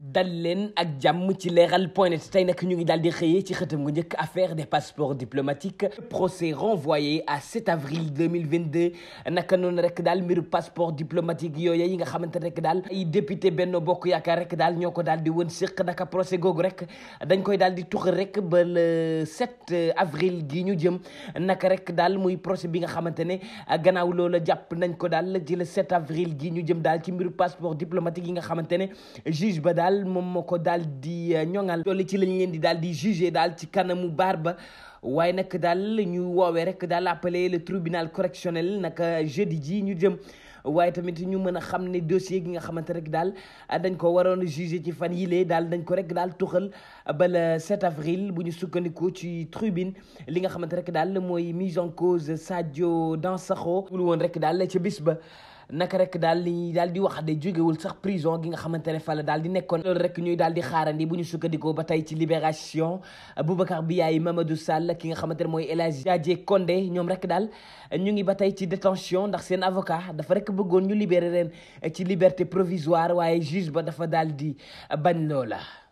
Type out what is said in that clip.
dal leen ak jàmm ci leeral point net tey nag ñu ngi daal di xëyee ci xëtam nga njëkk affaire des passeports diplomatiques procès renvoyé à 7 avril 2022 naka noonu rek daal mbiru passeport diplomatique yooya yi nga xamante ne rek dal ay député Benno Bokk Yaakaar rek daal ñoo ko daal di wën séq naka procès googu rek dañ koy daal di tuxal rek ba le 7 avril ñu jëm naka rek daal muy procès bi nga xamante ne gannaaw loola jàpp nañ ko daal ci le 7 avril gi ñu jëm daal ci mbiru passeport diplomatique yi nga xamante ne juge ba daal moom moo ko daal di eh, ñoŋal loolu ci lañ leen di daal di jugé daal ci kanamu baar ba waaye nag daal ñu woowee rek daal appelé le tribunal correctionnel nag eh, jeudi ji ñu jëm waaye tamit ñu mën a xam ne dossier gi nga xamante rek daal eh, dañ ko waroon jugé ci fan yile daal dañ ko rek daal tuxal ba le 7 avril bu ñu sukkandiku ci tribune li nga xamante rek daal mooy mise en cause Sadio Dansokho. wul woon rek daal ca bis ba. naka rek daal li daal di wax de jógewul sax prison gi nga xamante ne fa la daal di nekkoon loolu rek ñuy daal di xaarandi bu ñu sukkandikoo ba tey ci libération Boubacar Biaye Mamadou Sall ki nga xamante ne mooy El Hadji Diadié Condé ñoom rek daal ñu ngi ba tey ci détention ndax seen avocat dafa rek bëggoon ñu libéré leen ci liberté provisoire waaye juge ba dafa daal di bañ loola